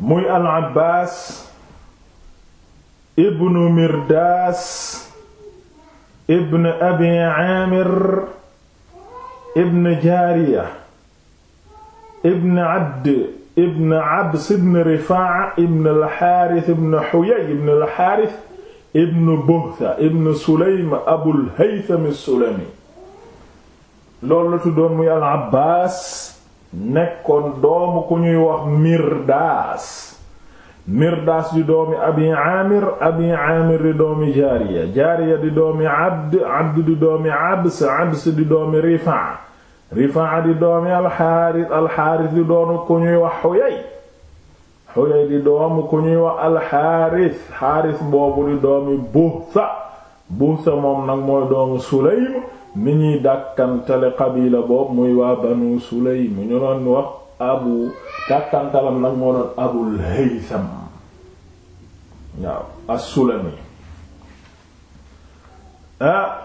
muy al abbaas ibnu mirdaas ibn abi aamir ibn jaariya ibn abd ibn abs ibn rifaa ibn alxaaris ibn xuyay ibn alxaaris ibn buhtha ibn sulaym abul haytham as-sulami loolu la tuddoon muy al abbaas nekkoon doomu ku ñuy wax mirdaas mirdaas di doomi abi amir abi amir di doomi jaariya jaariya di doomi abd abd di doomi abs abs di doomi rifaa rifaa di doomi alxaaris alxaaris di doomu ku ñuy wax xuyay xuyay di doomu ku ñuy wax alxaaris xaaris boobu di doomi buhsa buhsa moom nag mooy doomu sulaym mi ñuy dàkkantale xabila boobu muy waa banu sulaym mu ñu doon wax abu dàkkantalam nag moo doon abul haytham waaw as-sulami ah,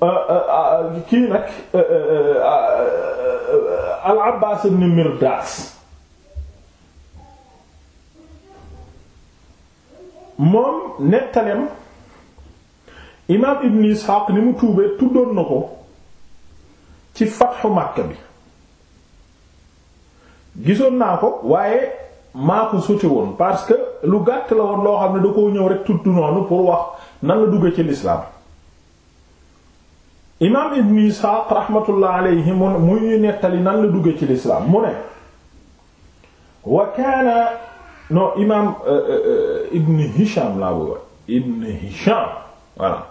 ah, ah, ah kii nag al abbaas ibn mirdaas moom nettalem imaam ibn Isxaaq ni mu tuubee tuddoon na ko ci fatxu Makka bi gisoon naa ko waaye maa ko sute woon parce que lu gàtt la woon loo xam ne da ko ñëw rek tudd noonu pour wax nan la dugg ci lislaam imaam ibn Isxaaq raxmatullah alayhi mu muy nettali nan la duggee ci lislaam mu ne wa kaana non imaam euh, euh, euh, Ibn Hisham laa bëggoon Ibn Hisham voilà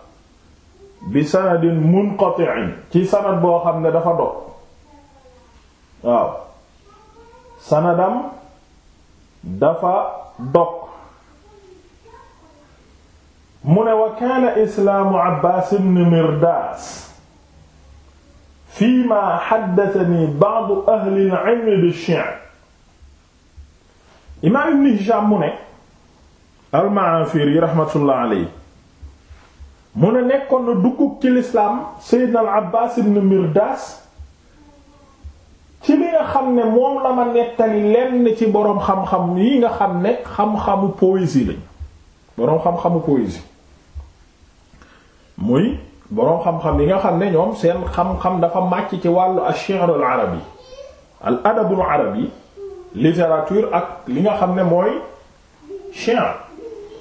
bi sanadin munqati'in ci sanad boo xam ne dafa dog waaw sanadam dafa dog mu ne wa kaana islaamu Abbaas ibn Mirdaas fiimaa haddathanii ba'du ahli al-'ilm bi-shi'r imaam ibn Hisham mu ne al-Ma'afiri rahmatullah alayhi mu ne nekkoon na dugg ci lislaam Seydina al-Abbaas ibn Mirdaas ci li nga xam ne moom la ma nettali lenn ci boroom xam-xam yi nga xam ne xam-xamu poésie lañ boroom xam-xamu poésie muy boroom xam-xam yi nga xam ne ñoom seen xam-xam dafa màcc ci wàllu al-shi'r al-arabi al-adab al-arabi littérature ak li nga xam ne mooy chien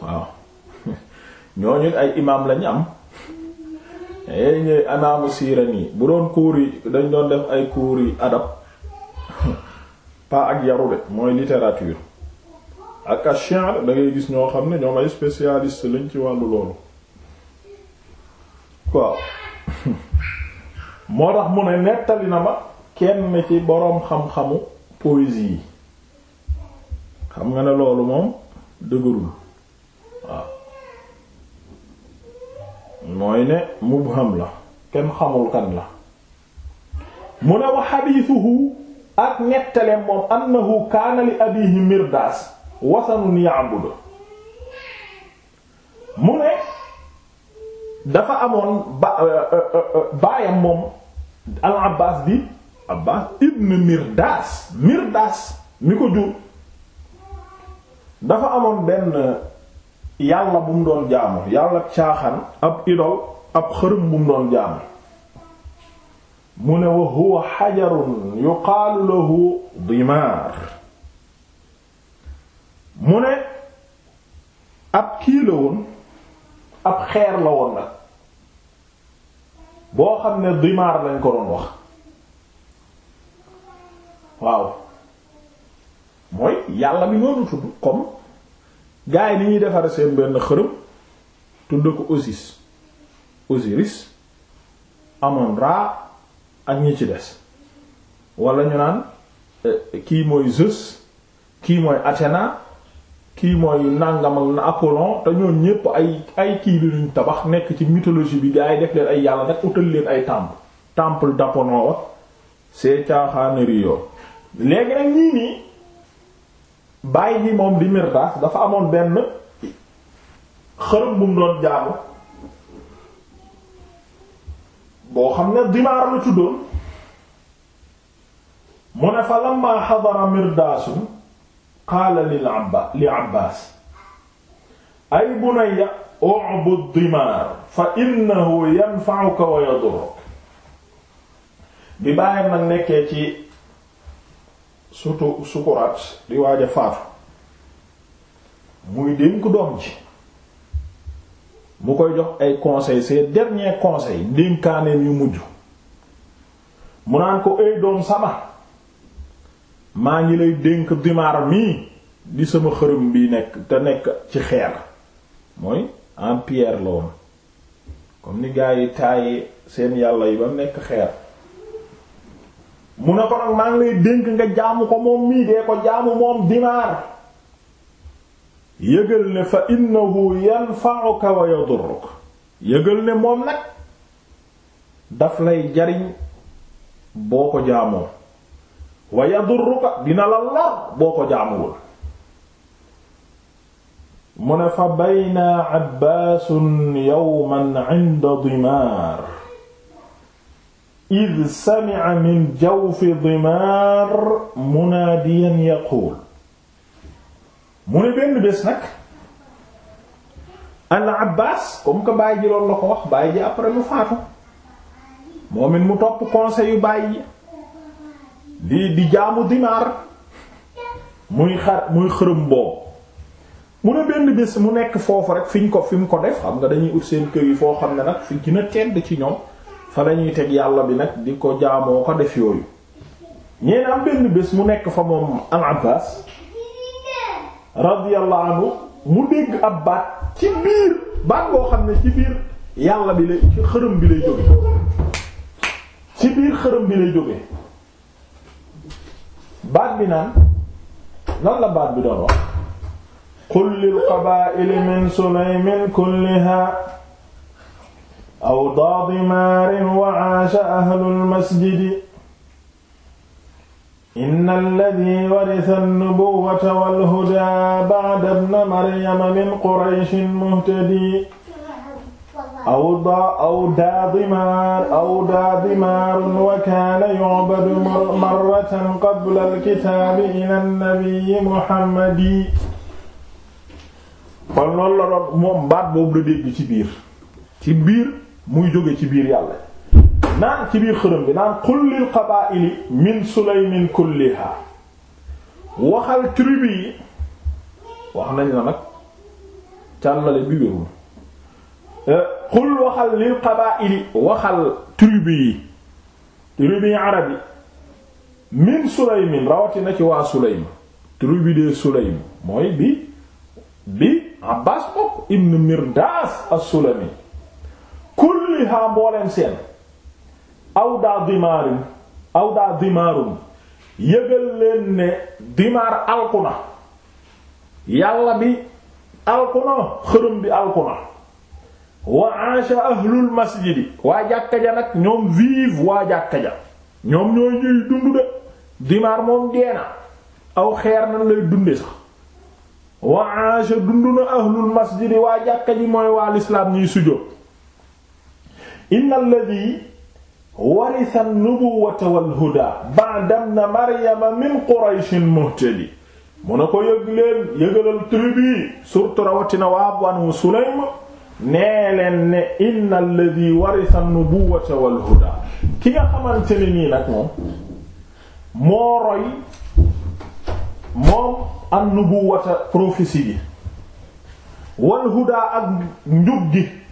waaw ñooñu ay imam lañu am ay eh, ñooy imaamu Sirani bu doon cours yi dañ doon def ay cours yi adab pas ak yaru de mooy littérature ak a chien da gis ñoo xam ne ñoom ay spécialiste lañ ci wàllu loolu waaw moo tax mu ne nettali na ma kenn ci boroom xam-xamu poésie yi xam nga ne loolu moom dëgërul waaw mooy ne mubham la kenn xamul kan la mu ne wa xadiisuhu ak nettaleem moom annahu kaana li abiihi mirdaas wasanun ya'budu mu ne dafa amoon euh, euh, euh, baayam moom al abbaas bi abbaas ibn mirdaas mirdaas mi ko jur dafa amoon benn yàlla bu mu doon jaamu yàlla caaxaan ab idol ab xërëm bu mu doon jaamu mu ne wa huwa xajarun yuqaalu lahu dimaar mu ne ab kii la woon ab xeer la woon nag boo xam ne dimaar lañ ko doon wax waaw yàlla bi noonu tudd comme gars yi ni ñuy defare seen benn xërëm tudd ko Osis Osiris Amon Ra ak ñi ci des wala ñu naan eh, kii mooy Zeus kii mooy Athéna kii mooy nangamal na Apollon te ñoo ñépp ay ay kii li luñ tabax nekk ci mythologie bi gars yi def leen ay yàlla nag utal leen ay tàmp temple d'Apollon wa see caaxaanari yoo léegi nag ñii nii bàyyi ji moom di Mirdaas dafa amoon benn xërëm bu mu doon jaamu boo xam ne dimaar la tuddoon mu ne fa lamma xadara Mirdaasun qaala lil Abba li Abbaas ay bunayya u'bud dimaar fa innahu yanfa'uka wa yadurruk bi bàyyam nag nekkee ci surtout sukuraat di waaj a faatu muy dénk doom ji mu koy jox ay conseil ses derniers conseils ndénkaaneem yu mujj mu naan ko ay doom sama maa ngi lay dénk dimaar mii di sama xërëm bi nekk te nekk ci xeer mooy en pierre la woon comme ni gaa yi taaye seen yàlla yi ba nekk xeer mu ne ko nag maa ngi lay dénk nga jaamu ko moom mii dee ko jaamu moom dimaar yëgal ne fa innahu yanfa'uka wa yadurruka yëgal ne moom nag daf lay jariñ boo ko jaamoo wa yadurruka dina la lor boo ko jaamuwul mu ne fa bayna abbaasun yawman 'inda dimaar id sami'a min jawfi dimaar munaadiyan yaquul mu ne benn bés nag al Abbaas comme que baay ji loolu la ko wax baay ji après mu faatu moom it mu topp conseil yu baay ji di di jaamu dimaar muy xar muy xërëm boobu mu ne benn bés mu nekk foofu rek fi ñu ko fi mu ko def xam nga dañuy ut seen kër yi foo xam ne nag fi gën a tedd ci ñoom fa lañuy teg yàlla bi nag di ko jaamoo ko def yooyu ñeen benn bés mu nekk fa moom al Abbaas radiyallahu anhu mu dégg ab baat ci biir baat boo xam ne ci biir yàlla bi lay ci xërëm bi lay jóge ci biir xërëm bi lay jóge baat bi naan lan la baat bi doon wax qul lil qabaa'il min sulaymin kulliha aw daadi maarin wa aasha ahlul masjidi inna alladii warisa nnubuwwata wal hudaa ba'da ibni maryama min qurayshin muhtadii aw daa aw daadi maar aw daadi maarun wa kaana yu'badu marratan qabla alkitaabi ila nnabiyyi muhammadi kon loolu la doon moom baat boobu la dégg ci biir ci biir. muy jóge ci biir yàlla naan ci biir xërëm bi naan qul lil qabaa'ili min sulaymin kulliha waxal tribu yi wax nañ la nag càllale bi wérul euh, qul waxal lil qabaa'ili waxal tribu yi tribu yi arab yi min sulaymin ci waa sulaym tribu de sulaym mooy bi bi abbas bokk ibn mirdas as-sulami kulliha mbooleem seen aw daa dimaarin aw daa dimaarum yëgal leen ne dimaar alkuna yàlla bi alkuna xërëm bi alkuna wa aasha ahlul masjidi waa jàkka ja nag ñoom vive waa jàkka ja ñoom ñooy ñuy dund de dimaar moom deena aw xeer nan lay dunde sax wa aasha dund na ahlul masjidi waa jàkka ji mooy waa lislaam ñuy sujjóot inna alladhi warisa an-nubuwwata wal-huda ba'da ibn maryama min qurayshin muhtadi mu ne ko yëg leen yëgalal tribu surtout rawatina waa Banu Sulaym nee leen ne inna alladhi warisa an-nubuwwata wal-huda ki nga xamante ne nii nag moom moo roy moom an-nubuwwata prophétie gi wal-huda ak njub gi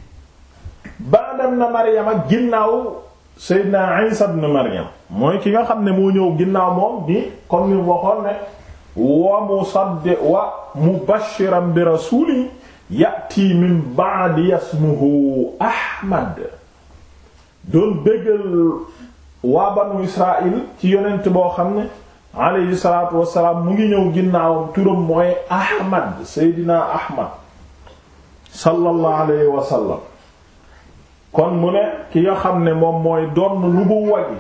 baadam na maryama ginnaaw seydina isa ibn maryam mooy ki nga xam ne moo ñëw ginnaaw moom di comme ni waxoon ne wa musaddi wa mubashiran bi rasuli yati min ba'di yasmuhu ahmad doon béggal waa banu israil ci yonent boo xam ne aleyhi salaatu wassalaam mu ngi ñëw ginnaaw turam mooy ahmad seydina ahmad sallallahu alayhi wa kon mu ne ki nga xam ne moom mooy doon nubuwa gi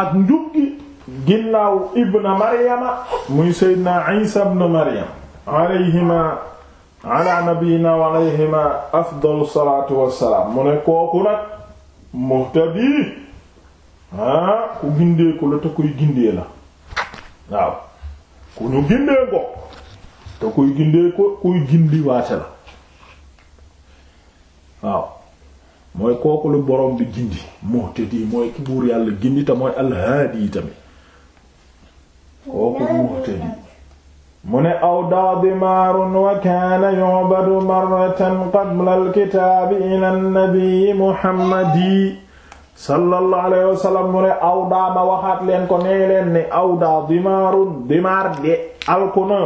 ak njub gi ginnaaw ibna maryama muy seydna isa ibn maryam alayhima wa afdalu salaatu wassalaam mu ne kooku nag muhtadi ah ku la te kuy gindee la waaw ku ñu gindee ko te kuy gindee ko kuy gindiwaate la waaw mooy kooku lu borom bi gindi muhtadi mooy ki buur yàlla gindi te mooy alhaadi tamit kooku muhtadi mu ne aw daadimaarun wa kaana yu'badu marratan qabla alkitaabi ila dimaar de alkuna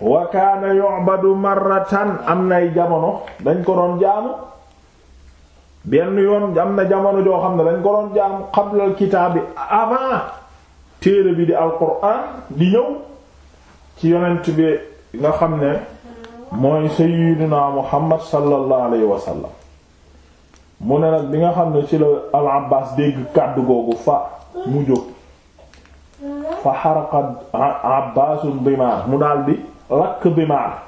wa kaana yu'badu marratan am nay jamono dañ ko doon jaamu benn yoon am na jamono joo xam ne dañ ko doon jaamu qabla al kitaab bi avant téere bi di alquran di ñëw ci yonent bi nga xam ne mooy sayyidina muhammad sallallahu alayhi wa sallam mu ne nag bi nga xam ne ci la al abbas dégg kàddu googu fa mu jóg fa xaraqa abbasun dimaar mu daldi rakk bimaar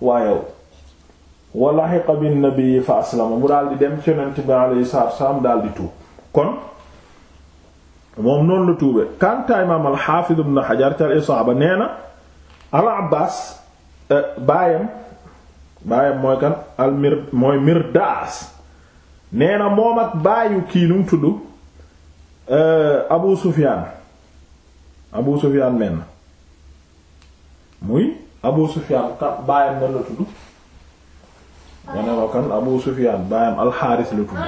waayow wa laxiqa bin nabi fa aslama mu daal di dem ci yonent bi alayhi salaatu wassalaam daal di tuub kon moom noonu la tuube kantaa imaam alxaafiz ibn xajar ca isaaba nee na al abbaas eh, baayam baayam mooy kan al mir mooy mirdaas nee na moom ak baayu kii nu mu tudd eh, abu sufiyaan abu sufiyaan men muy Abu Sufyaan ka baayam nan la tudd ma ah. ne la kan Abu Sufyaan baayam alxaaris la tudd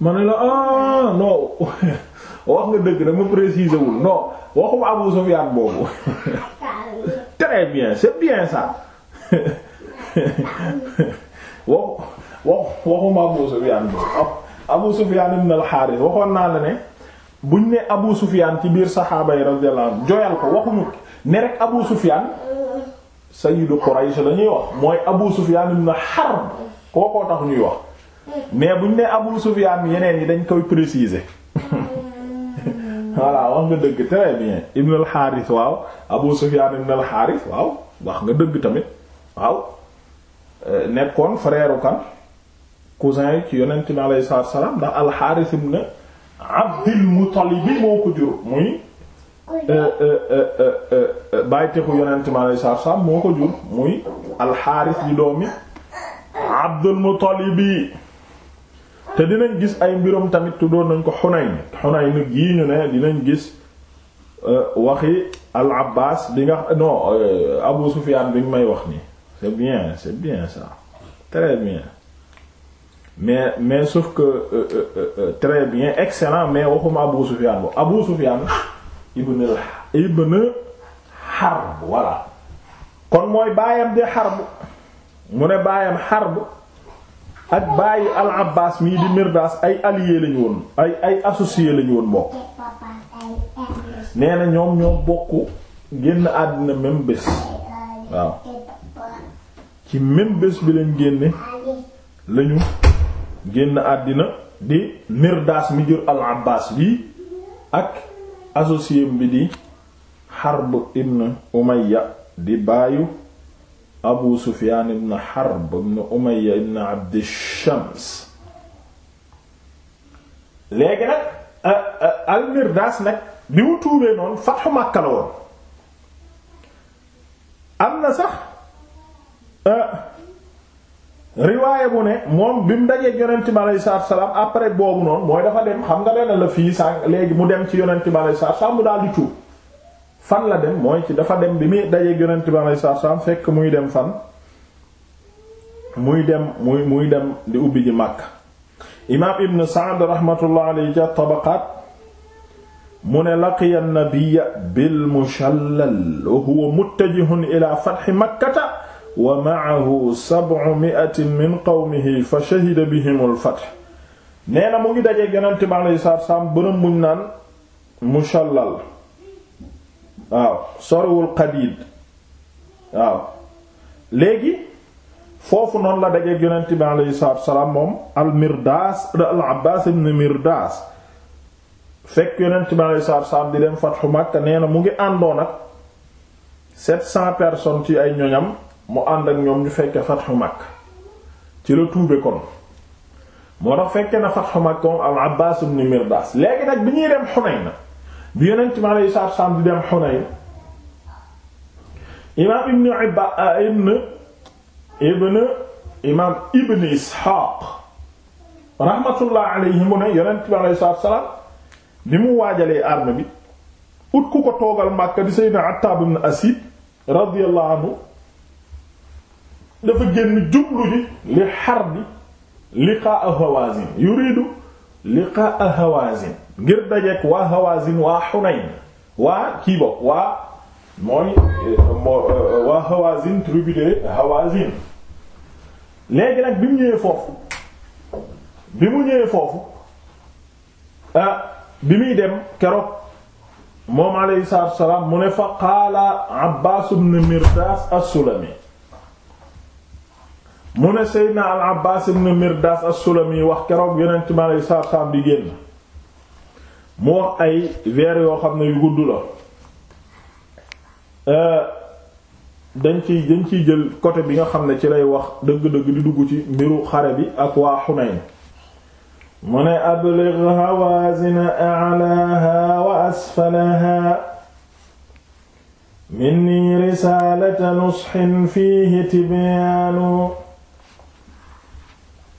ma ne la ah non wax nga dëgg dama préciser wul non waxuma Abu Sufyaan boobu très bien c'est bien ça wax wax waxuma Abu Sufyaan boobu Abu Sufyaan ibn alxaaris waxoon naa la ne buñ ne Abu Sufyaan ci biir saxaaba yi radiyallahu anhu jooyal ko waxuñu. ne rek Abu Sufyaan sayyidu Quraysh la ñuy wax mooy Abu Sufyaan ibn Harb kookoo tax ñuy wax mais buñ ne Abu Sufyaan yeneen yi dañ koy préciser voilà wax nga dëgg très bien Ibn al waaw Abu Sufyaan ibn al waaw wax nga dëgg tamit waaw euh, nekkoon frère kan cousin yi ci yonent bi alayhi salaam ndax al-Harith ibn moo ko jur muy Euh, euh, euh, bàytexu yonent mi alayhi salaatu salaam moo ko jur muy alxaaris di doomi Abdul Muttalib te dinañ gis ay mbiram tamit tuddoon nañ ko Xunayn Xunayn gii ñu ne dinañ gis waxi al Abbas bi nga non Abu Sufyaan bi nga may wax nii c'est bien c'est bien très bien mais mais sauf que très bien excellent mais waxuma Abu Sufyaan bo Abu Sufyaan ibn ibn Harb kon mooy baayam di Harb mu ne baayam Harb ak baayu al Abbaas mii di Mirdaas ay alliés lañu woon ay ay associés lañu woon bokk nee na ñoom bokk génn àddina même bés waaw ci même bés bi lañ génne lañu génn àddina di Mirdaas mi jur al Abbaas bi ak associé bi di Harb ibn Umayya di baayu Abu Sufyaan ibn Harb ibn Umayya ibn Abd Shams léegi nag al-Mirdaas nag bi mu tuubee noonu fatxu woon am na sax riwaaye bu ne moom bi mu dajee yonent bi aleyhi salaatu salaam après boobu noonu mooy dafa dem xam nga dana la fii sànq léegi mu dem ci yonent bi aleyhi salaatu salaam mu daal di cuub fan la dem mooy ci dafa dem bi muy dajee yonent bi aleyhi salaatu salaam fekk muy dem fan muy dem muy muy dem di ubbi ji Makka imaam Ibn Sa'd rahmatullah alayhi ca Tabaqaat mu ne laqiya an-nabiyya bil mushallal wa huwa muttajihun ila fathi Makkata wa ma'ahu sab'u mi'atin min qawmihi fa shahida bihimul fath nee na mu ngi dajeeg yonente bi alayhi salaatu salaam bërëm buñ naan mushallal waaw sorewul qadiid waaw léegi foofu noonu la dajeeg yonente bi alayhi salaatu salaam moom al mirdaas al abbaas ibn mirdaas fekk yonente bi alayhi salaatu salaam di dem fatxu Makka nee na mu ngi àndoon ak 700 personnes ci ay ñoñam mu ànd ak ñoom ñu fekke fatxu Makka ci la tuube kon moo tax fekke na fatxu Makka moom al Abbaas ibn Mirdaas léegi nag bi ñuy dem Xunayn bi Yonent mi alayhi eh, rahmatullah mu ne Yonent mi alayhi bi mu waajalee arme bi ut ku ko toogal Makka di Sayyidina Attaab ibn Asiid radiyallahu anhu dafa génn jublu ji li xarbi liqaa Hawazin yuridu liqaa Hawazin ngir dajeek waa Hawazin waa Hunayn waa kii waa mooy waa Hawazin tribu Hawazin léegi nag bi mu ñëwee foofu bi mu ñëwee foofu ah, bi muy dem keroog moom alayhi salaatu wa salaam mu ne fa qaala Abbaas ibn Mirdaas as-Sulami mu ne Seydina al Abbaas Mirdaas as-Sulami wax keroog yonent mi aleyhi salaatu salaam di génn mu wax ay vers yoo xam ne yu gudd la euh, dañ ci dañ ciy jël côté bi nga xam ne ci lay wax dëgg-dëgg di dugg ci mbiru xare bi ak waa Xunayn mu ne ablig Hawaazin a'laaha wa asfalaha minni risaalata nusxin fiihi tibyaanu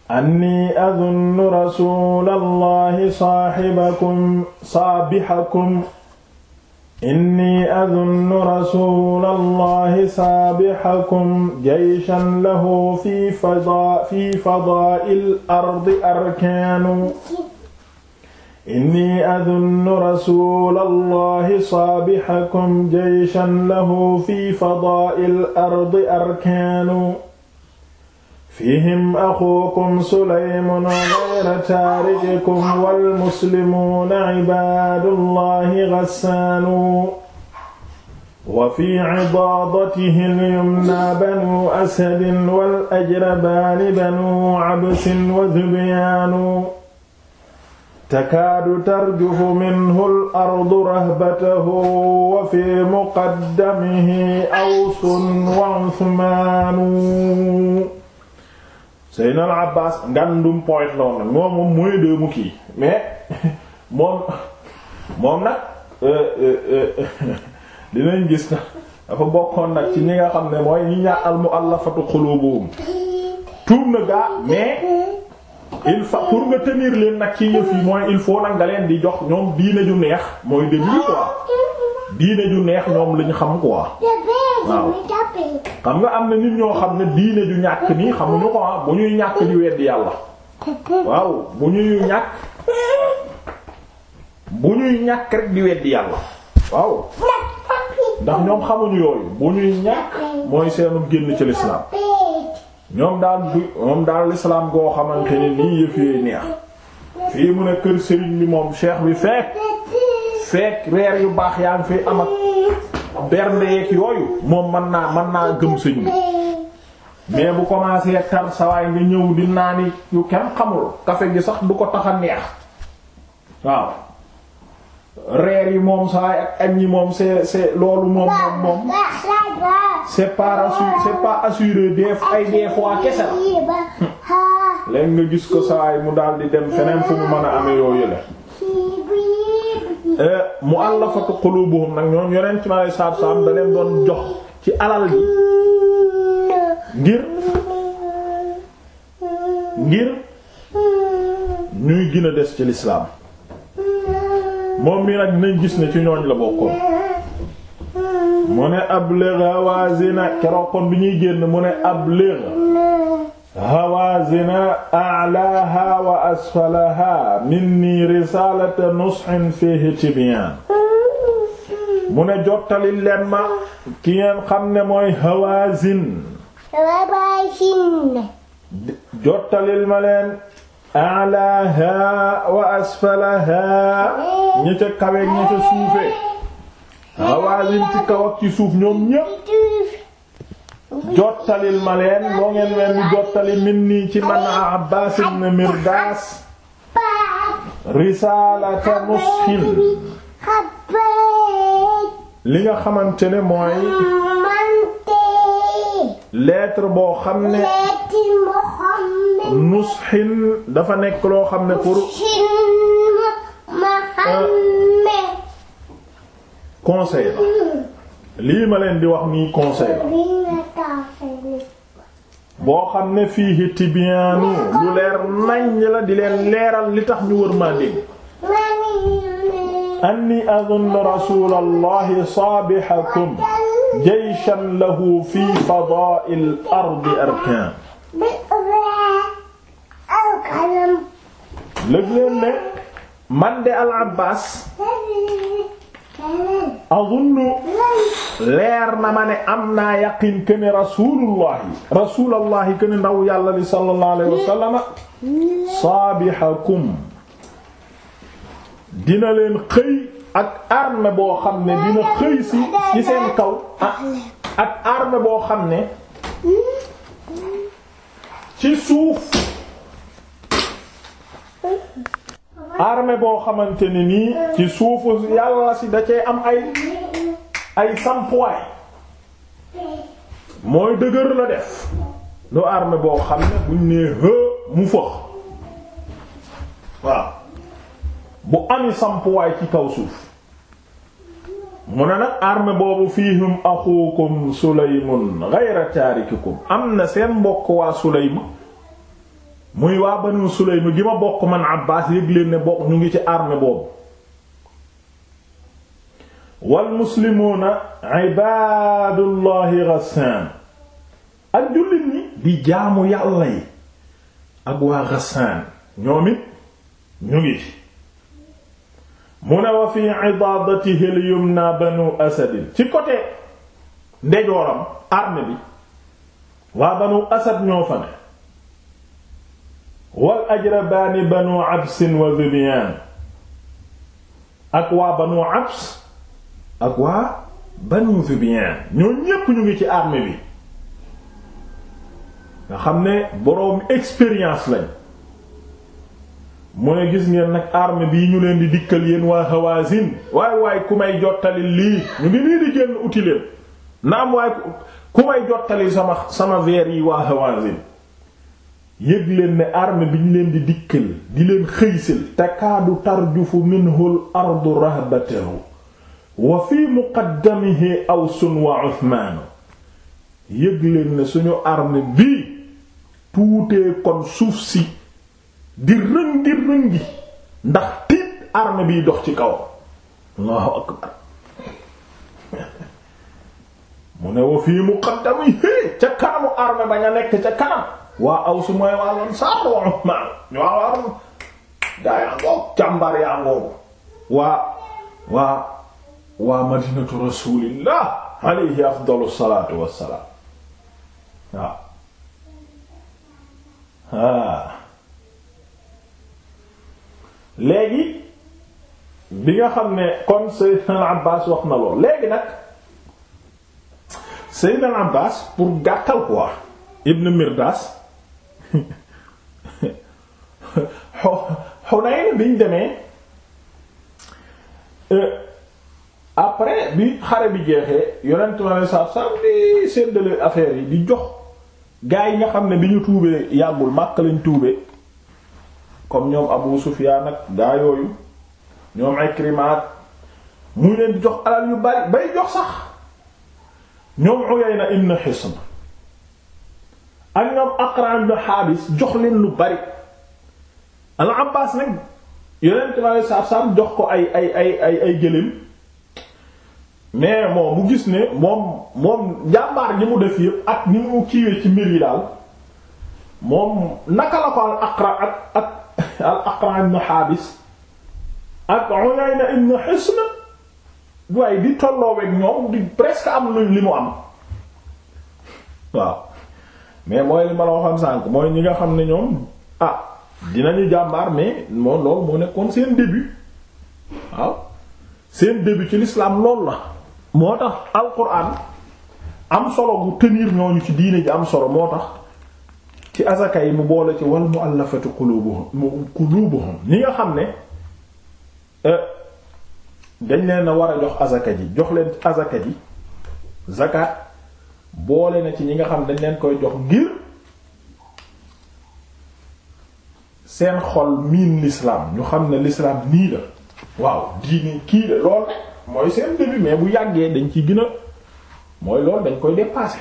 anni adunnu rasulallahi saaxibakum saabixakum inni adunnu rasulallahi saabixakum jayshan lahu fi fadaa'il ardi arkaanu inni adunnu rasulallahi saabixakum jayshan lahu fi fadaa'il ardi arkaanu fihim axuukum sulaymun ghayra taarikikum wal muslimuuna ibaadullahi ghassaanu wa fi cibaadatihi al-yumnaa banuu asadin wal ajrabaani banuu cabsin wa zubyaanu takaadu tarjufu minhu al-ardu rahbatahu wa fi muqaddamihi awsun wa cuthmaanu Seynal Abbas ngandum point la nag moom mooy deux mu kii mais moom moom nag euh, euh, euh, dinañ gis na dafa bokkoon nag ci ñi nga xam ne mooy ñi ñaa al mu'allafatu qulubuhum tuub na gaa mais il faut pour nga tenir leen nag ci yëf yi mooy il faut nag nga leen di jox ñoom diine ju neex mooy début quoi diine ju neex ñoom lañu xam quoi. waaw xam nga am na nit ñoo xam ne diine ju ñàkk nii xamuñu ko ah bu ñuy ñàkk di weddi yàlla waaw bu ñuy ñàkk bu ñuy ñàkk rek di weddi yàlla waaw ndax ñoom xamuñu yooyu bu ñuy ñàkk mooy seenu génn ci lislaam ñoom daal du ñoom daal lislaam goo xamante ne nii yëf yooyu neex fii mu ne kër sëriñ bi moom cheikh bi fekk fekk reer yu baax yaa ngi fi am ak yooyu moom man naa man naa gëm sëñ mais bu commencé tar sawaay nga ñëw di naani yu kenn xamul café gi sax du ko tax a neex waaw reer yi moom sawaay ak añ yi moom c'est c'est loolu moom moom moom c'est pas assuré c'est pas assuré des ay des fois kese la léegi nga gis ko sawaay mu daal di dem feneen fu mu mën a amee yoo yële Euh, mu'allafatu qulubuhum nag ñoom yonent ci ma saab saab da doon jox ci alal ji ngir ngir ñuy gën a des ci lislaam moom mi nag dinañ gis ne ci ñooñ la bokkoon mu ne abligh waazina keroog kon bi ñuy génn mu ne abligh hawaazina a'laaha wa asfalaha minni risaalata nusxin fiihi tibyaan mu ne jottali leen ma ki ngeen xam ne mooy hawaazin jottalil ma leen a'laaha wa asfalaha ñi ca kawe ñi ca suufe hawaazin ci kaw ak ci suuf ñoom ñépp jottalil ma leen loo ngeen leen di jottali min nii ci man Abbaas ibn Mirdaas risaalata nushin li nga xamante ne mooy lettre boo xam ne nushin dafa nekk loo xam ne pour euh, conseil la lii ma leen di wax nii conseil boo xam ne fii tibiyaanu lu leer naññ la di leen leeral li tax ñu wër maa dégg anni adunnu rasulallahi saabihakum jayshan lahu fi fadaa'il ardi arkaan lëg leen ne azunnu leer na ma ne am naa yaqin que ne rasulullahi rasulullahi que ne ndaw yàlla li sallallahu alayhi wa sallam saabihakum dina leen xëy ak si seen kaw ak ah, ak arme boo xam ne ci suuf arme boo xamante ne nii ci suufu yàlla si da cee am ay ay sampuwaay mooy dëgër la def lu armée boo xam ne buñ nee hë mu fëx waaw bu ami sampuwaay ci kaw suuf mu ne nag armée boobu fiihum axuukum sulaymun ghayra taarikikum am na seen mbokk waa sulayma muy waa Banu Sulaym gi ma bokk man Abbaas yëg ne bokk ñu ngi ci armée boobu wal muslimuuna ibaadullahi Ghassan ak jullit ñi di jaamu yàlla yi ak waa Ghassan ñoom it ñu ngi ci mu ne wa fi idaadatihi al-yumna Banu Asad ci côté ndejooram armée bi waa Banu Asad ñoo fa ne wal ajrabaani banu absin wa zubiyaan ak waa banu abs ak waa banu zubiyaan ñoo ñépp ñu ngi ci armée bi nga xam ne boroom expérience lañ mu ne gis ngeen nag armée bii ñu leen di dikkal yéen waa Hawazin waay waay ku may jottali lii ñu ngi nii di génn uti leen naam waay ku may jottali sama sama veer yi waa Hawazin yëg leen ne arme bi ñu leen di dikkal di leen xëysal takaadu tarjufu minhul ardu rahbatahu wa fi muqaddamihi awsun wa uthmaanu yëg leen ne suñu arme bi tuutee kon suuf si di rëngi rëngi ndax tiit arme biy dox ci kaw mu ne wa fi muqaddamihi ca kanamu arme ba nga nekk ca kanam waa aw su mooy waa lansaar waa Umaan waa waa gaa yaa ngoog càmbar yaa ngoog waa waa waa madinatu rasulillah alayhi afdalu salaatu wassalaam waaw léegi bi nga xam ne kon Seydina Abbas wax na lool léegi nag Seydina Abbas pour gàttal quoi Ibn Mirdas Hunayn biñ demee euh, après bi xare bi jeexee yonent ma ne saaf saaf di séddale affaire yi di jox gaa yi nga xam ne bi ñu tuubee yàggul Makka lañ tuubee comme ñoom Abu Sufyaan ak gaa yooyu ñoom Ikrima mu leen di jox alal yu bari bay jox sax ñoom Uyayna ibn Hisn ak ñoom Aqra ibn Haabis jox leen lu bari al Abbaas nag yonent bi alayhi jox ko ay ay ay ay ay mais moom mu gis ne moom moom jàmbaar ñi mu def yëpp ak ni mu kiiwee ci mbir yi daal moom naka la ko al Aqra ak ak al Aqra ibn Haabis ak Uyayna ibn Hisn waaye di tollooweeg ñoom di presque am luñ li mu am waaw. mais mooy li ma la waxoon sànq mooy ñi nga xam ne ñoom ah dinañu jàmbaar mais moom loolu moo nekkoon seen début waaw seen début ci l'islam loolu la moo tax alquran am solo bu tenir ñooñu ci diine ji am solo moo tax ci azaka yi mu boole ci wal mu'allafati qulubuhum qulubuhum ñi nga xam ne euh, dañ leen a war a jox azaka ji jox leen azaka ji zakat boole na ci ñi nga xam dañ leen koy jox ngir seen xol miin l'islam ñu xam ne l'islam nii la waaw diini kii la lool mooy seen début mais bu yàggee dañ ciy gën mooy lool dañ koy dépasser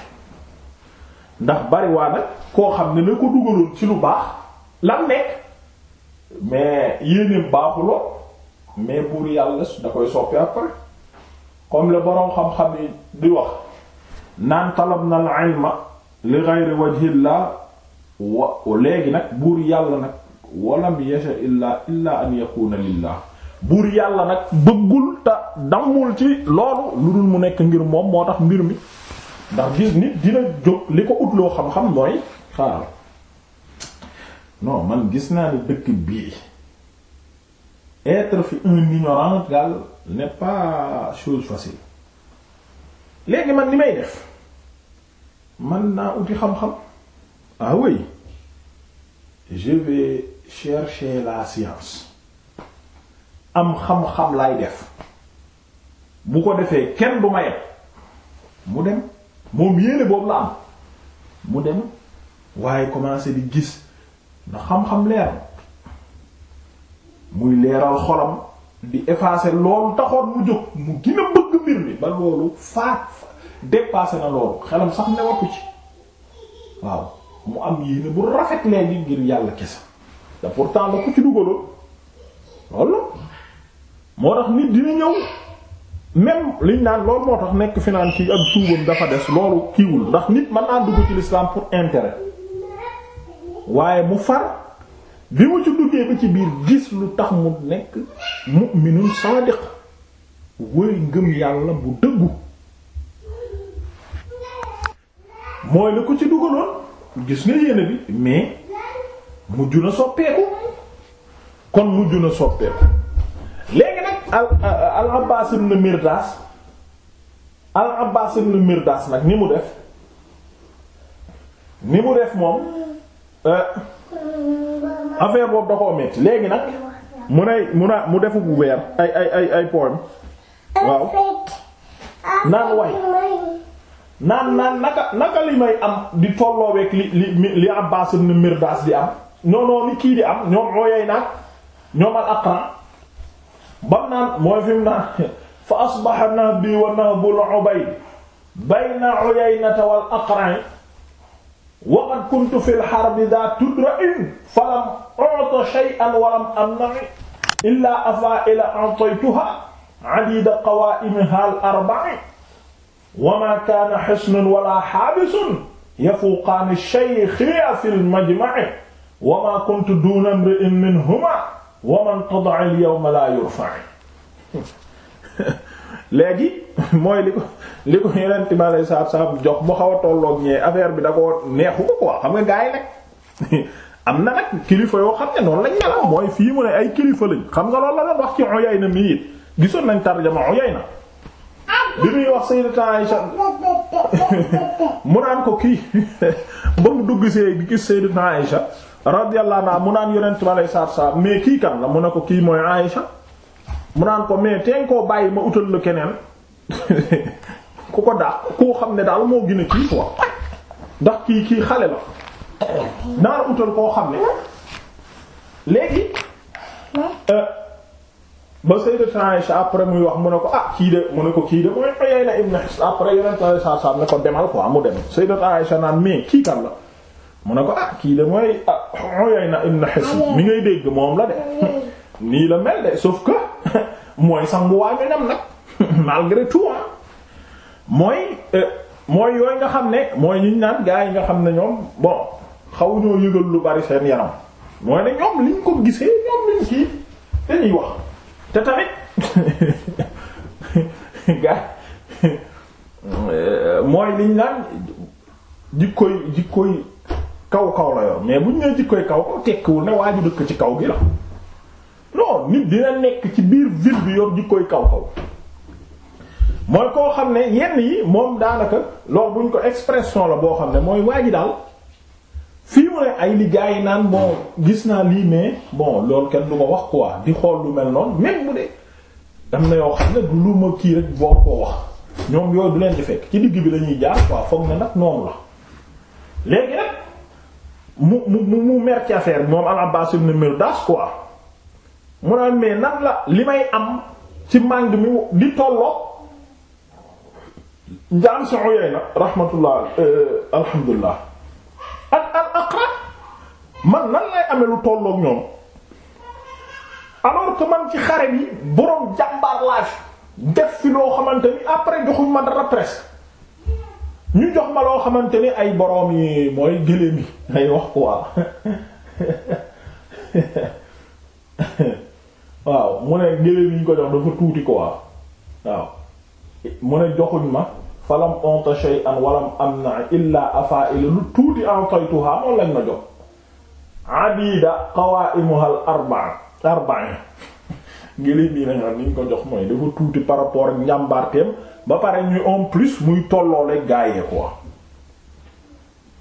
ndax bariwaa nag koo xam ne la ko dugaloon ci lu baax lan nekk mais yéenéem baaxuloo mais buur yàlla da koy soppi après comme la boroom xam-xam yi di wax naan talabna al ilma li ghayri wajhillah wa léegi nag buur yàlla nag walam yasha illa illa an yakuna lillah buur yàlla nag bëggul te dammul ci loolu lu dul mu nekk ngir moom moo tax mbir mi ndax gis nit dina jóg li ko utloo xam-xam mooy xaaral non man gis naa ni dëkk bii être fi un ignorant daal n'est pas chose facile léegi man ni may def man naa uti xam-xam ah oui je chercher la science am xam-xam laay def bu ko defee kenn du ma yeb mu dem moom yéene boobu la am mu dem waaye commencé di gis na xam-xam leer muy leeral xolom di effacer loolu taxoon mu jóg mu gën a bëgg mbir mi ba loolu faat dépassé na loolu xelam sax ne ci waaw mu am yéene bu rafet léegi ngir yàlla kese te pourtant la ku ci dugaloon loolu moo tax nit dina ñëw même liñ naan loolu moo tax nekk fi naan ci ak tuubam dafa des loolu kiiwul ndax nit mën naa dugg ci l'islam pour intérêt waaye mu far. bi mu ci duggee bi ci biir gis lu tax mu nekk mu'minun saadiq wëy ngëm yàlla bu dëggu mooy la ko ci dugaloon gis nga yéene bi mais mujj na soppeeku kon mujj na soppeeku léegi nag al al Abbaas ibn Mirdaas al Abbaas ibn Mirdaas nag ni mu def ni mu def moom euh, affaire boobu da koo metti léegi nag mu ne mu na mu defu bu weer ay ay ay ay naan way naan naan naka naka li may am di tollooweek li li li Abbaas ibn Mirdaas di am non non kii di am ñoom ooyey naag ñoom al aqran bam naan mooy fi naan fa asbaha nahbi wa nahbul ubayd bayna uyaynata wal aqran wa qad kuntu fil harbi daa tudra'in falam u'ta shay'an wa lam amna'i illaa afaa'ila a'taytuhaa adiida qawaa'imihaa al-arba'i wa maa kaana hisnun walaa haabisun yafuuqaani shaykhayya fil majma'i wa maa kuntu duuna imri'in minhumaa wa man tada'a al-yawma laa yurfa'u léegi mooy li ko li ko yeneen timaale saab saab jox mu xaw a tolloog ñee affaire bi da ko neexu ko quoi xam nga gars yi am na nag kilifa yoo xam ah fii mu ay kilifa lañ xam nga lool la doon wax ci Uyayna mi it gisoon nañ tarjama Uyayna bi muy wax ko kii ba mu dugg see bi gis Sayyidatu Aisha radiyallahu anha mu naan yeneen timaale saab saab mais kii kan la mu ne ko kii mooy Aisha. mu naan ko mais teen koo bàyyi ma utal la keneen ku ko daax koo xam ne daal moo gën a kii quoi ndax kii kii xale la naa utal koo xam ne léegi euh, ba Sayyidatu Aisha après muy wax mu ne ko ah kii de mu ne ko kii de mooy Uyayna ibn Hisn après Yonent Yàlla saa saa ne ko demal quoi mu dem Sayyidatu Aisha naan mais kii kan la mu ne ko ah kii de mooy Uyayna ah, ibn Hisn mi ngay dégg moom la de ah, nii la mel de sauf que. mooy sangu waa ñoñam nag malgré tout ah mooy euh, mooy yooyu nga xam ne mooy ñu naan gaa yi nga xam ne ñoom bon xaw ñoo yëgal lu bari seen yaram mooy ne ñoom liñ ko gisee ñoom liñ ci dañuy wax te tamit gaa euh, mooy liñ naan jikkoy jikkoy kaw kaw la yor mais buñ nee jikkoy kaw kaw tekkiwul ne waaju dëkk ci kaw gi la non nit dina nekk ci biir ville bi yor jikkoy kaw kaw mooy koo xam ne yenn yi moom daanaka loolu buñ ko expression la boo xam ne mooy waa ji daal fii mu ne ay li gars yi naan bon gis naa lii mais bon loolu kenn du ma wax quoi di xool lu mel noonu même bu dee dam na yoo xam ne du lu ma kii rek boo koo wax ñoom yooyu du leen fekk ci digg bi lañuy jaar quoi foog ne nag noonu la léegi nag mu mu mu mer ci affaire bi moom al Abbas ibn Mirdas quoi mu naan mais nan la li may am ci màng mi di tolloo njaam si Uyayna rahmatullah euh, alhamdulilah ak al Aqra man nan lay amee lu tolloog ñoom alors que man ci xare bi boroom jàmbaar laaj def fi loo xamante ni après joxuñ ma dara presque ñu jox ma loo xamante ni ay boroom yi mooy gëléem yi ngay wax quoi waaw mu ne gëléem yi ñu ko jox dafa tuuti ko waaw waaw mu ne joxuñ ma falam onta shay'an walam am na illa afa'ila lu tuuti antaytuha moom lañ ma jox adida qawa'imuha al arba'a arba'a gëléem yi nañu ni ñu ko jox mooy dafa tuuti par rapport ak njàmbaarteem ba pare ñuy en plus muy tolloole gaayee quoi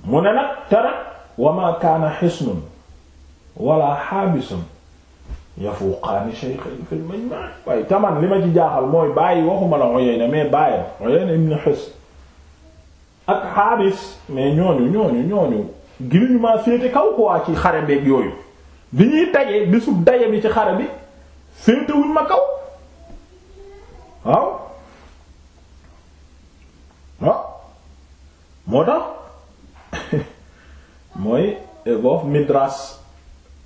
mu ne nag te nag wa ma kaana xisnun wala xaabisun yafuqaani shaykhayn fil majma' waaye taman li ma ci jaaxal mooy yi waxuma la Uyayna mais bàyyam Uyayna ibn Hisn ak Haabis mais ñooñu ñooñu ñooñu giriñu maa féete kaw ko waa ci xare beeg yooyu bi ñuy dajee bisub daje bi ci xare bi féetewuñ ma kaw waaw waaw moo tax mooy eh, boof midras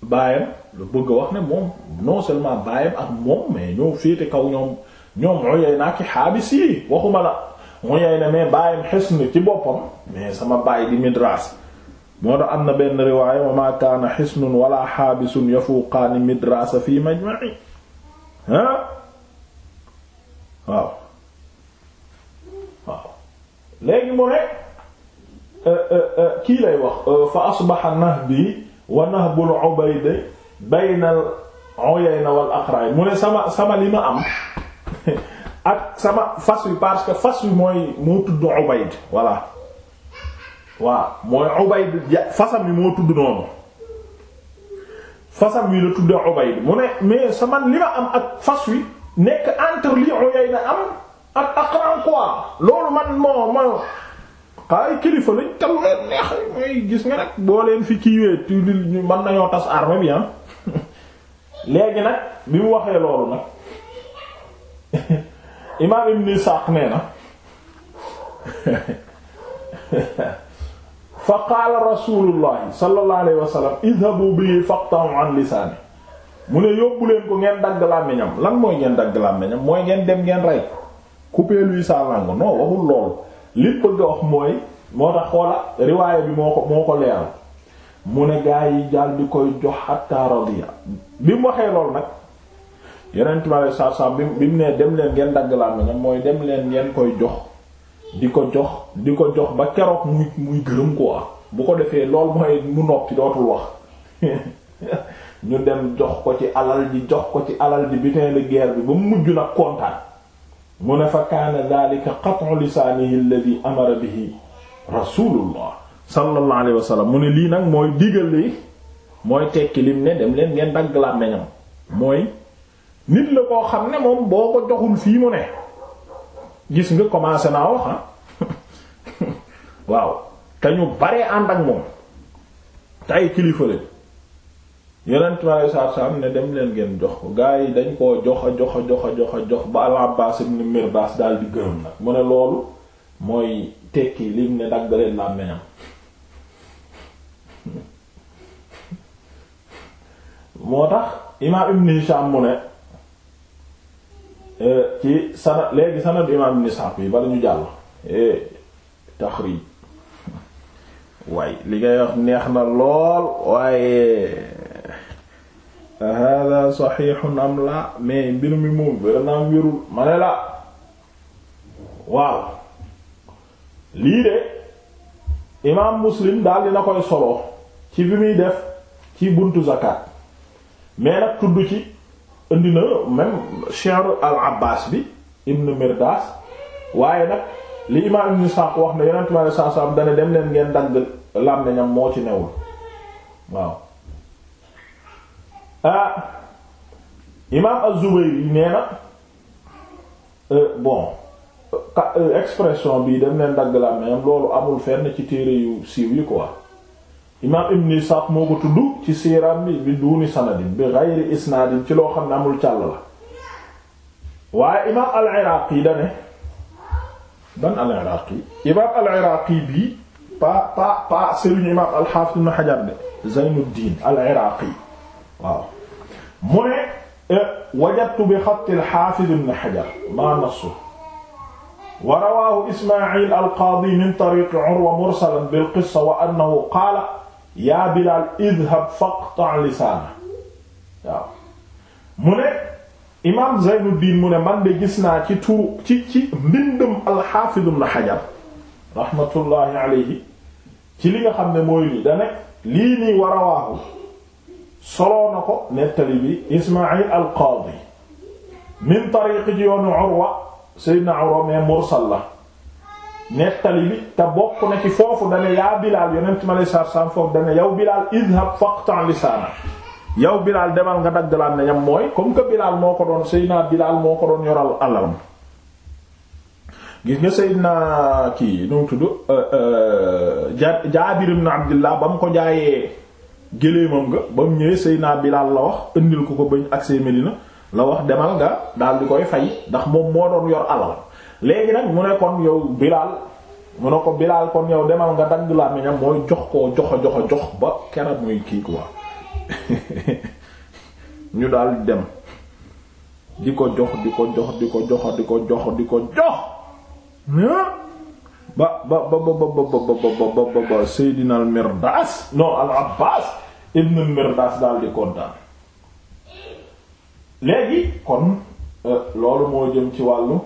baayam lu bëgg wax ne moom non seulement baayam ak moom mais ñoo féete kaw ñoom ñoom Uyayna ak Haabis yi baayam Hisn ci boppam mais sama baay di Midras moo tax am na benn riwaaya wa maa kaana Hisnun wala Haabisun yafuuqaani Midrasa fii majma'i ah waaw waaw léegi mu euh, euh, euh, wax fa asbaha nahbi wa nahbul ubayda baynal uyayna wal aqra'i mu ne sama sama li ma am ak sama fas wi parce que fas wi mooy moo tudd ubayd voilà waaw mooy ubayd fasam wi moo tudd noonu fasam wi la tudd ubayd mu ne mais sama li ma am ak fas wi nekk entre li uyayna am ak aqran quoi loolu man moo ma ay kilifa lañ tam leen neex mooy gis nga nag boo leen fi kiiwee tu ñu mën nañoo tas arme bi ah léegi nag bi mu waxee loolu nag imaam Ibn Isaaq nee na fa qaala rasulullahi sallallahu alayhi wa sallam idhabu bihi faqta'u lisaani mu ne yóbbu leen ko ngeen dagg làmmiñam lan mooy ngeen dagg làmmiñam mooy ngeen dem ngeen rey couper lui sa langue non waxul loolu li bëgg a wax mooy moo tax xoola riwaaya bi moo ko moo ko leeral mu ne gaa yi daal di koy jox hatta radiya bi mu waxee lool nag yeneen tubaab yi saabsaab bi mu nee dem leen ngeen dagg laa mi nag mooy dem leen ngeen koy jox di ko jox di ko jox ba keroog muy muy gërëm ko am ah. bu ko defee lool mooy mu noppi dootul wax ñu dem jox ko ci alal ji jox ko ci alal ji butin de bi ba mu mujj nag kontaan. mu ne fa kaana daalika qat'u lisaanihi alladhi amara bihi rasulullah sallallahu alayhi wa mu ne lii nag mooy digal mooy tekki lim ne dem leen ngeen dagg làmmiñam mooy nit la koo xam ne moom boo ko joxul fii mu ne gis nga commencé naa wax ah waaw te ñu bare ànd ak moom te ay kilifa lañ yonent mi aleyhi ne dem leen gen jox ko gaa yi dañ koo jox a jox a jox a jox a jox ba al-Abbaas di gërëm nag mu ne loolu mooy tekki liñ ne dagg leen la meñam moo tax imaam Ibn Hisham mu ne eh, ci sanad léegi sanad imaam Ibn Ishaq yi bala ñu jàll eh, taxriij waaye li ngay wax neex na lool waaye hada saxiixun am la mais mbir mi moom wéranaam wérul ma ne la waaw lii de imaam muslim daal dina koy solo ci bi muy def ci buntu zakat mais nag tudd ci indi na même Cheikh al abbas bi ibn mirdas waaye nag li imaam ibn Sa'd wax ne yonent bi sallallahu alayhi wasallam dana dem leen ngeen dagg làmmiñam moo ci newul waaw ah imaam az-Zubayri nee euh, euh, expression bii dem ne ndagg la mais loolu amul fenn ci téere yu siiw yi quoi imaam Ibn Ishaq moo ko tudd ci siiraam bi duuni sanadin bi ghayri isnaadin ci loo xam ne amul càll la waaye imaam al-Iraqi da ban al-Iraqi imaam al-Iraqi bii pa pa pa imaam al-Hafiz Ibn Hajar de Zaynuddin al-Iraqi waaw mu ne eh, wajadtu bi xatti al-Haafiz ibn Hajar maa nassu wa rawaahu Ismaa'iil al-Qaadi min tariiqi Urwa mursalan bil-qissa wa annahu qaala yaa Bilaal idhab faqta' lisaanahu waaw mu ne imaam Zaynuddiin mu ne man de gis naa ci tur ci ci mbindum al-Haafiz ibn Hajar rahmatullahi alayhi ci li nga xam ne mooy lii da nekk lii nii wa rawaahu soloo na ko nettali bi Ismaïl al-Qaadi min tariqi ci yoonu Urwa Seydina Urwa mais mursal nettali bi te bokk na ci foofu dane yaa Bilaal yonent mi alayhi salaatu salaam foofu dane yow Bilaal idhab faqta' lisaana yow Bilaal demal nga daggalaan ne ñam mooy comme que Bilaal moo ko doon Seydina Bilaal moo ko doon yoral alalam gis nga Seydina kii nu mu tudd euh, euh, Jaabir ibn Abdillah ba ko jaayee géléemam nga ba mu ñëwee Seydina Bilaal la wax indil ko ko bañ agsee Medina la wax demal nga daal di koy fay ndax moom moo doon yor alal léegi nag mu ne kon yow Bilaal mu ne ko Bilaal kon yow demal nga dagg làmmiñam mooy jox koo joxa joxa jox ba keroog muy kii quoi ñu daal dem di ko jox di ko jox di ko jox di ko jox di ba ba ba ba ba ba ba ba Seydina al Mirdaas non al Abbaas ibn Mirdaas daal di kontaan léegi kon loolu moo jëm ci wàllu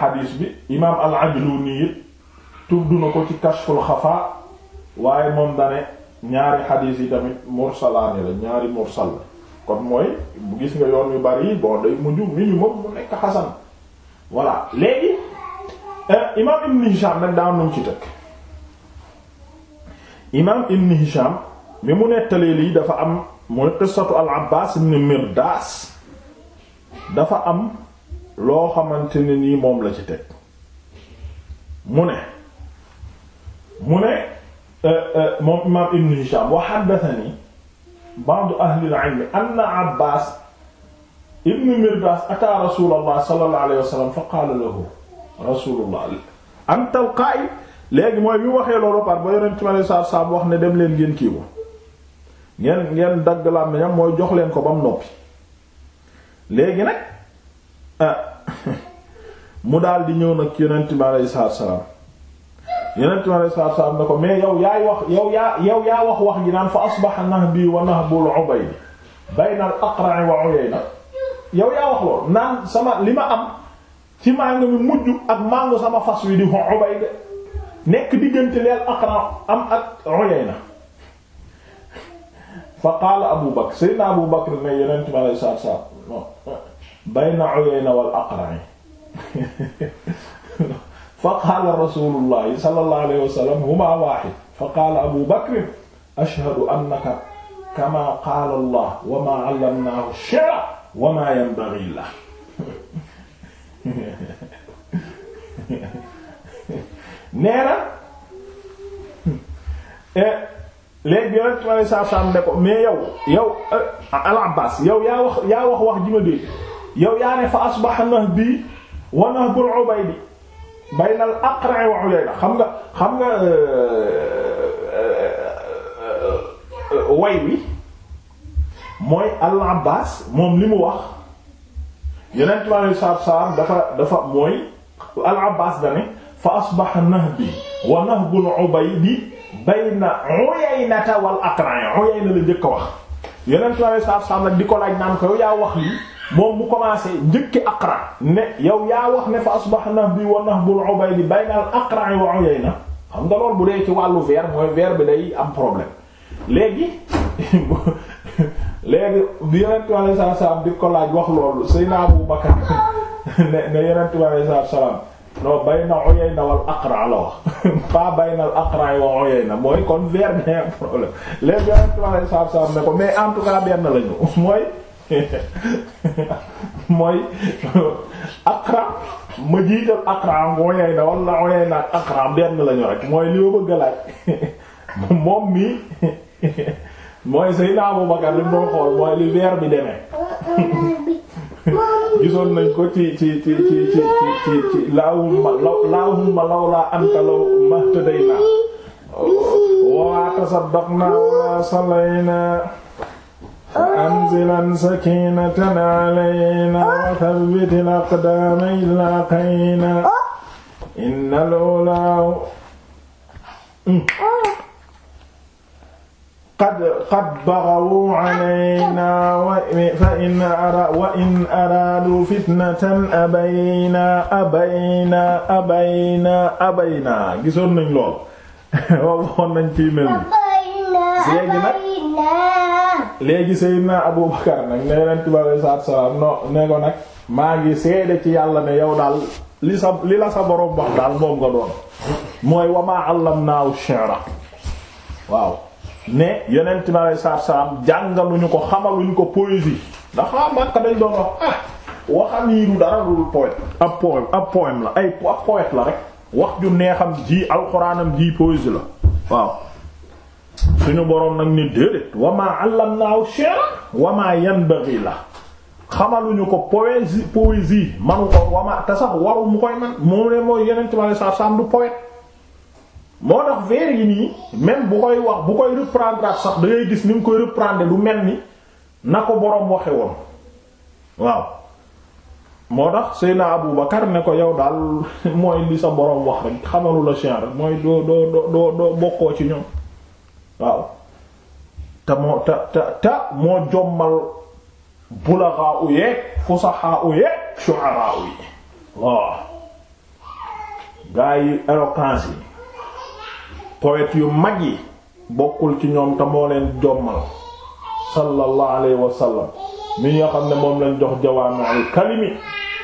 xadiis bi imaam al Ajluni it tudd na ko ci Kashful Xafaa waaye moom dane ñaari xadiis yi tamit mursalaani la ñaari mursal kon mooy bu gis nga yoon yu bari bon day mujj minimum mu nekk xasan voilà léegi. Eh, imaam Ibn Hisham nag daa moom ci tëkk imaam Ibn Hisham bi mu nettalee lii dafa am mooy qissatu al Abbaas ibn Mirdaas dafa am loo xamante ne nii moom la ci teg mu ne mu ne eh, eh, moom imaam Ibn Hisham wa haddathanii ba'du ahli al-'ilm anna Abbaas ibn Mirdaas ataa rasuulallah sallallahu alayhi wa sallam fa qaala lahu rasulullah antal qaay léegi mooy bi waxee loolu par ba yonent ma ne saar wax ne dem leen ngeen kii ko ngeen ngeen dagg làmmiñam mooy jox leen ko ba mu noppi léegi nag ah, mu daal di ñëw nag yonent ma ne saar saam yonent ma ne saar saam ko mais yow yaay wax yow yaa yow yaa wax wax ji naan fa asbaha nahbi wa nahbul ubaydi bayna al aqra' wa uyayna yaa wax loolu naan sama li ma am ci màng mi mujj ak màngu sama fas wi di Ubayda nekk diggante leel Aqra am ak Uyayna fa qaala Abu Bakr sayyidina Abu Bakr ne yonent mi alayhi salaatu wa salaam bayna Uyayna wal Aqra fa qaala Rasuulullahi sallallahu alayhi wa sallam humaa waahid fa qaala Abu Bakr ashhadu annaka kamaa qaala Allah wa maa allamnaahu shi'ra wa maa yanbaghii lahu nee na léegi yonent ma ne saab-saab yow yow al Abbaas yow yaa wax yaa wax yow yaa ne fa asbaha nahbi wa nahbul ubaydi bayna al aqra wa uyayna xam nga xam nga way wi mooy al Abbaas moom wax yeneen ci wàllu saabsaab dafa dafa mooy al Abbaas da ne fa asbaha nahbi wa nahbul Ubaydi bayna Uyaynata wal Aqra' Uyayna la njëkk a wax. yeneen ci wàllu saabsaab nag di ko laaj naan ko yow yaa wax lii moom mu commencé njëkki Aqra' ne yow yaa wax ne fa asbaha nahbi wa nahbul Ubaydi bayna al Aqra' wa Uyayna xam nga loolu bu dee ci wàllu verbe mooy verbe bi day am problème léegi. léegi bi yonentu Yàlla sallallahu alayhi wasallam di ko laaj wax loolu Seydina Abu Bakar ne ne yonentu Yàlla sallallahu alayhi wasallam non bayna Uyayna wal Aqra la wax pas bayna al Aqra wa Uyayna mooy kon vers benn problème léegi yonentu Yàlla sallallahu alayhi wasallam ne ko mais en tout cas benn lañu mooy mooy Aqra ma jiital Aqra Uyayna wala Uyayna ak Aqra benn lañu rek mooy li ma bëgg a laaj moom mi. mooy Abu Bakar li mu doon xool mooy li weer bi demee gisoon nañ ko ci ci ci ci ci ci ci laahumma laahumma lawlaa anta lahtadaynaa wa tasaddaqnaa wa sallaynaa anzilan sakiinatan alaynaa wa thabbitil aqdaamanaa qaynaa innal ulaa hmm. qad qad baghaw alaynaa gisoon nañ lool waxoon nañ nag léegi Seydina Abu Bakar nag ne Yonent ci yàlla yow daal li sa la sa borom wax moom nga mooy wa maa allamnaahu shi'ra waaw ne yonent mi aleyhi salaatu salaam jàngaluñu ko xamaluñu ko poésie ndax ah Makka dañ doon wax ah waxam yi du dara lu poète ab poème ab poème la ay ab poète la rek wax ju neexam ji alxuraanam ji poésie la waaw suñu boroom nag ne déedéet wa maa allamnaahu shi'ra wa maa la xamaluñu ko poésie poésie manu ko wa maa te sax waru mu koy man moom ne mooy yonent mi aleyhi du poète moo tax vers nii même bu koy wax bu koy reprendre sax da gis ni mu koy reprendre lu mel ni na ko boroom waxe woon waaw moo tax Seydina Abu Bakar ne ko yow daal mooy li sa boroom wax rek xamalu la mooy doo doo doo doo bokkoo ci ñoom waaw te moo te te te moo jommal bulaxaa u yeeg fusaxaa u yeeg shu'ara yi waaw gaa yi éloquence yi poète yu mag yi bokkul ci ñoom te moo leen jommal sallallahu alayhi wa sallam mi xam ne moom lañ jox jawaami'ul kalimi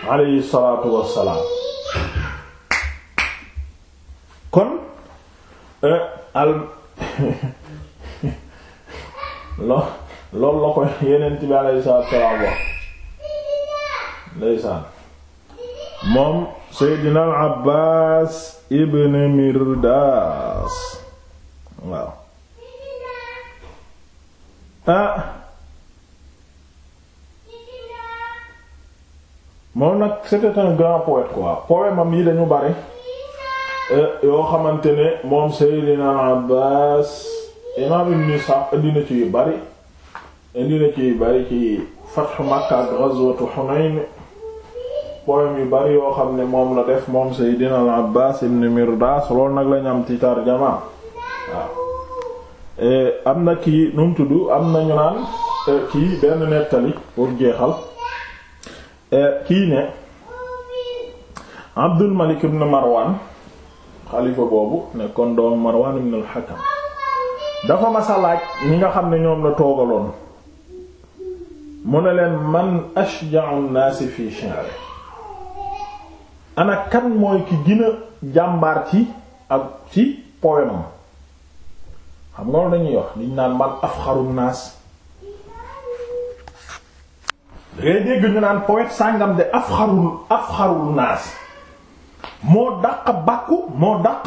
alayhi salaatu wassalaam eh, la ko wax ndeysaan moom Seydina al Abbaas ibn Mirdaas waaw ah. moom nag c'était un grand poète quoi poème yi dañu bari eh, yoo xamante ne moom Seydina Abbaas imaam Ibn Isxaaq indi na ci yu bari indi na ci yu bari ci Fathu Makka ak Ghazwatu Hunayn poème yu bari yoo xam ne moom la def moom Seydina Abbaas ibn Mirdaas loolu nag lañ am ci tarjama Eh, am na ki nu mu tudd am na naan kii benn nettali pour jeexal eh, kii ne Abdul Malik ibn Marwan xalifa boobu nekkoon doom Marwan ibn al-Hakam dafa masa ñi nga xam ne ñoom la toogaloon mu ne leen man ashja'u an-naasi fi shi'ri ana kan mooy ki gën a jàmbaar ci ak ci poème xam nga lañuy dañuy wax liñ naan man afxarun naas dangay dégg ñu naan poète sàngam de afxarul afxarul naas moo daq bàkku moo daq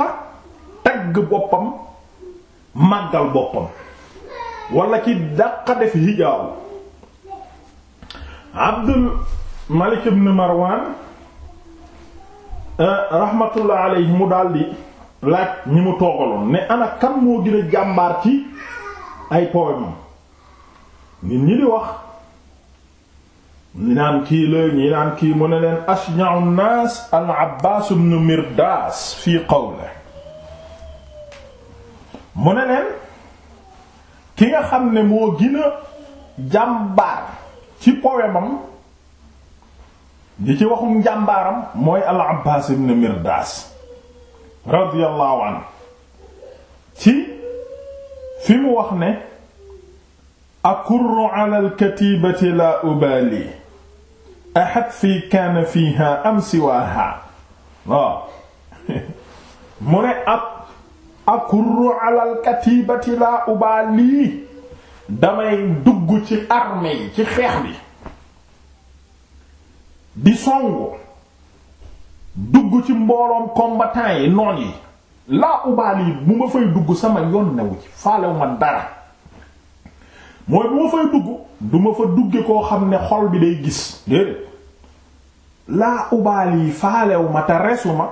tagg boppam màggal boppam wala ci daq def hijaabu Abdul Malik ibn Marwan eh, rahmatullah alayhi mu daldi laaj ñi mu toogaloon ne ana moo gën a jàmbaar ci ay poème nit ñi di wax ñi naan kii la ñi kii mu ne leen ashja'u nnaas al Abbaas ibn Mirdaas fii qawlihi mu ne leen ki nga xam ne moo gën a jàmbaar ci poème am di ci waxum jàmbaaram mooy al Abbaas ibn Mirdaas radiyallahu anhu ci fi mu wax ne akurru ala alkatibati la ubali ahad fi kaana fiha am siwaha waaw mu ne ala alkatibati la ubali damay dugg ci armée ci xeex bi di songu dugg ci mbooloom combattant yi noon yi laa ubaal yi bu ma fay dugg sama yoon newu ci faalew ma dara mooy bu ma fay dugg du ma fa dugge koo xam ne xol bi day gis déedéet laa ubaal yi faalew ma te resu ma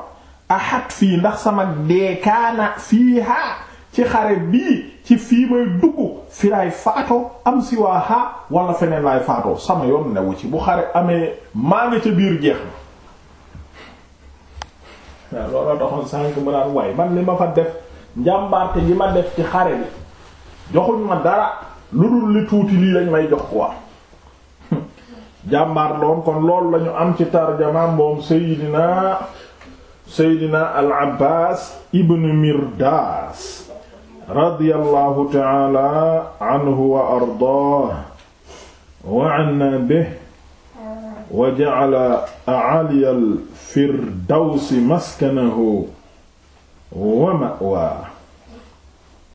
fii ndax sama deekaana fii haa ci xare bii ci fii may dugg fi laay faatoo am si waa haa wala feneen laay faatoo sama yoon newu ci bu xare amee maa ngi ca biir jeex na waaw looloo taxoon sànq ma naan waay man li ma fa def njàmbaarte gi ma def ci xare bi joxuñ ma dara lu dul li tuuti lii lañ may jox quoi jàmbaar loon kon loolu lañu am ci tarjama moom Seydina Seydina al Abbaas ibn Mirdaas radiyallahu ta'ala anhu wa ardaah wa anna bihi wa ja'ala a'aliya al-firdawsi maskanahu wa ma'waahu